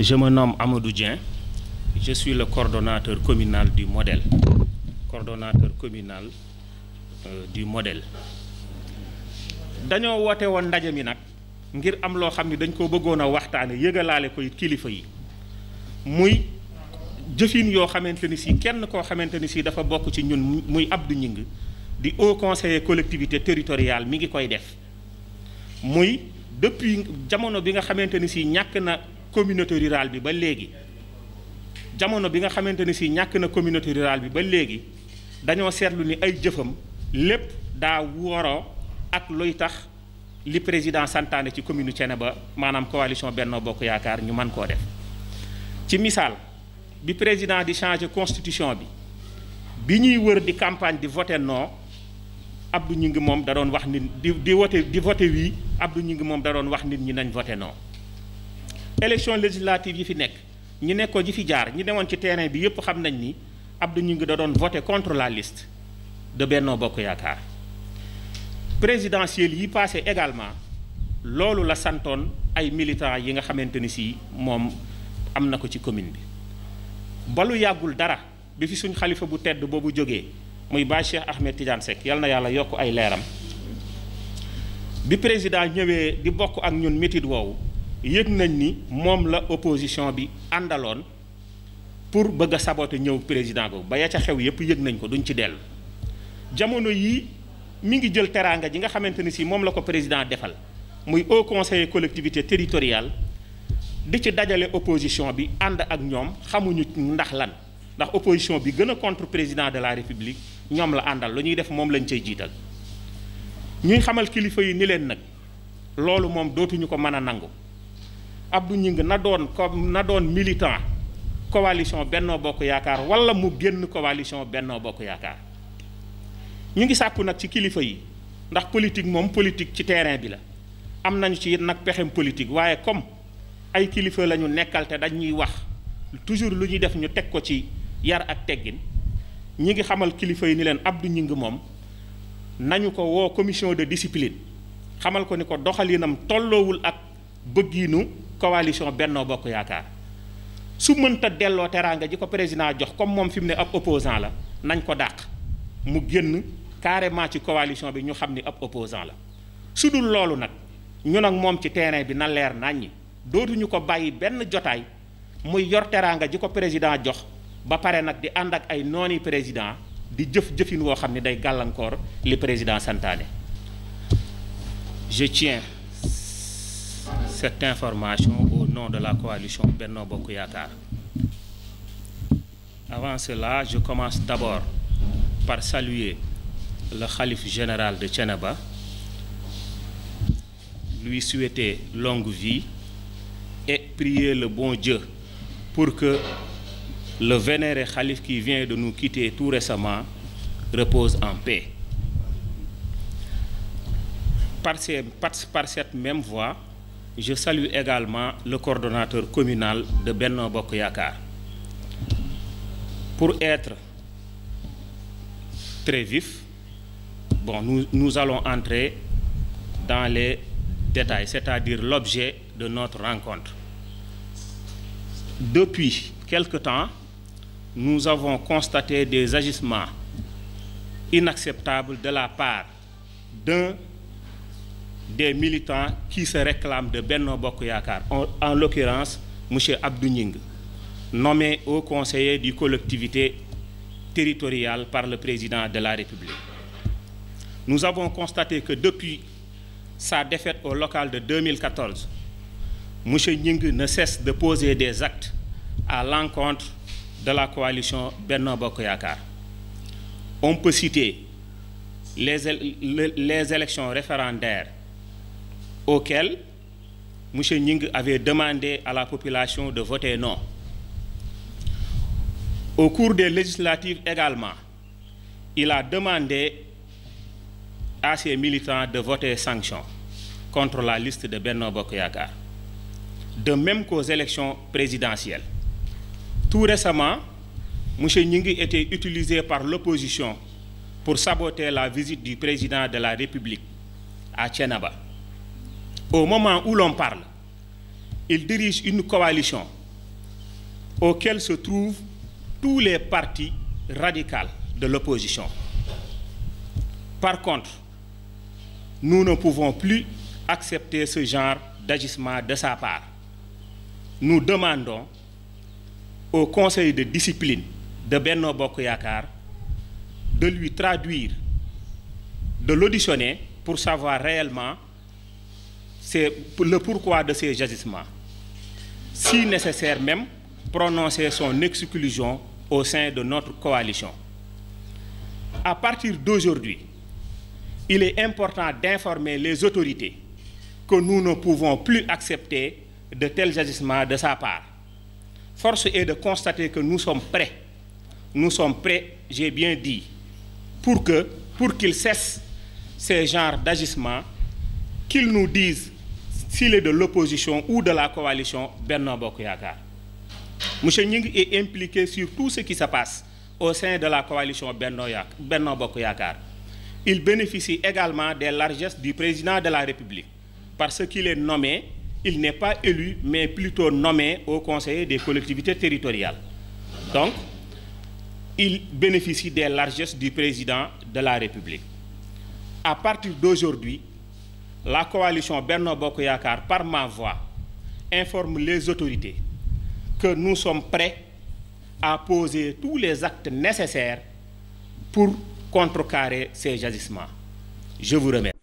Je me nomme Amadou Dien. Je suis le coordonnateur communal du modèle. Coordonnateur communal euh, du modèle. dañoo woote woon ndaje mi nag ngir am loo xam ni dañ ko bëggoon a waxtaane yëgalaale koy kilifa yi muy jëfin yoo xamante ni si kenn koo xamante ni si dafa bokk ci ñun muy Abdou Gning di haut conseiller collectivité territorial mi ngi koy def muy depuis jamono bi nga xamante ni si ñàkk na communauté rural bi ba léegi jamono bi nga xamante ne si ñàkk na communauté rural bi ba léegi dañoo seetlu ni ay jëfam lépp daa woroo ak looy tax li président santaane ci commune ba maanaam coalition Benno Bokk Yaakaar ñu man koo def ci misaal bi président di changer constitution bi bi ñuy wër di campagne di voté non ñu Gningue moom da doon wax nit di di voté di voté wii Abdou Gningue moom da doon wax nit ñi nañ voté non élection législative yi fi nekk ñi nekkoon yi fi jaar ñi demoon ci terrain bi yëpp xam nañ ni Abdou ñu ngi da doon voté contre la liste de Benno Bokk Yaakaar présidentielle yi passé également loolu la santoon ay militants yi nga xamante ni si moom am na ko ci commune bi balu yàggul dara bi fi suñ xalifa bu tedd boobu jógee muy Baay Cheikh Ahmed Tidiane Seck yal na yàlla yokk ay leeram bi président ñëwee di bokk ak ñun métit woowu yëg nañ ni moom la opposition bi àndaloon pour bëgg a saboter ñëw président boobu ba ya ca xew yëpp yëg nañ ko duñ ci dellu jamono yii mi ngi jël teraanga ji nga xamante ni si moom la ko président defal muy haut conseiller collectivité territoriale di ci dajale opposition bi ànd ak ñoom xamuñu ndax lan ndax opposition bi gën a contre président de la république ñoom la àndal lu ñuy def moom lañ cay jiital ñuy xamal kilifa yi ni leen nag loolu moom dootuñu ko mën a nangu Abdou Gningue na doon comme na doon militant coalition Benno Bokk Yaakaar wala mu génn coalition Benno Bokk Yaakaar ñu ngi sàkku nag ci kilifa yi ndax politique moom politique ci terrain bi la am nañu ci nag pexem politique waaye comme ay kilifa la ñu nekkal te dañuy wax toujours lu ñuy def ñu teg ko ci yar ak teggin ñi ngi xamal kilifa yi ni leen Abdou Gningue moom nañu ko woo commission de discipline xamal ko ni ko doxalinam tolloowul ak bëggiinu coalition Benno Bokk Yaakaar su mënta delloo teraanga ji ko président jox comme moom fi mu ne ab opposant la nañ ko dàq mu génn carrément ci coalition bi ñu xam ni ab opposant la su dul loolu nag ñu nag moom ci terrain bi na leer naññi dootuñu ko bàyyi benn jotaay muy yor teraanga ji ko président jox ba pare nag di ànd ak ay nooni président di jëf jëfin woo xam ne day gàllankoor li président santaane je cette information au nom de la coalition Benno Bokk Yaakaar. Avant cela, je commence d'abord par saluer le khalife général de Thiénaba, lui souhaiter longue vie et prier le bon Dieu pour que le vénéré khalife qui vient de nous quitter tout récemment repose en paix. Par, ces, par, par cette même voie, je salue également le coordonnateur communal de Benno Bokk Yaakaar pour être très vif bon nous nous allons entrer dans les détails c'est-à-dire l'objet de notre rencontre depuis quelque temps nous avons constaté des agissements inacceptables de la part des militants qui se réclament de Benno Bokk Yaakaar en, en l'occurrence monsieur Abdou Nying nommé au conseiller du collectivité territoriale par le président de la République. Nous avons constaté que depuis sa défaite au local de 2014, monsieur Nying ne cesse de poser des actes à l'encontre de la coalition Benno Bokk Yaakaar. On peut citer les, les élections référendaires auquel M. Ning avait demandé à la population de voter non. Au cours des législatives également, il a demandé à ses militants de voter sanction contre la liste de Bernard Bokoyakar. De même qu'aux élections présidentielles. Tout récemment, M. Nyingui était utilisé par l'opposition pour saboter la visite du président de la République à ba au moment où l'on parle, il dirige une coalition auquel se trouvent tous les partis radicaux de l'opposition. Par contre, nous ne pouvons plus accepter ce genre d'agissement de sa part. Nous demandons au Conseil de discipline de Benno Bokk Yakaar de lui traduire, de l'auditionner pour savoir réellement c'est le pourquoi de ces agissements si euh. nécessaire même prononcer son exclusion au sein de notre coalition à partir d'aujourd'hui il est important d'informer les autorités que nous ne pouvons plus accepter de tels agissements de sa part force est de constater que nous sommes prêts nous sommes prêts j'ai bien dit pour que pour qu'ils cessent ces genres d'agissements qu'ils nous disent s'il est de l'opposition ou de la coalition Benno Bokk Yaakaar monsieur Gning est impliqué sur tout ce qui se passe au sein de la coalition Benno Yaak Benno Yaakaar il bénéficie également des largesses du président de la République parce qu'il est nommé il n'est pas élu mais plutôt nommé au conseil des collectivités territoriales donc il bénéficie des largesses du président de la République à partir d'aujourd'hui la coalition Benno Bokk Yaakaar par ma voix informe les autorités que nous sommes prêts à poser tous les actes nécessaires pour contrecarrer ces agissements. Je vous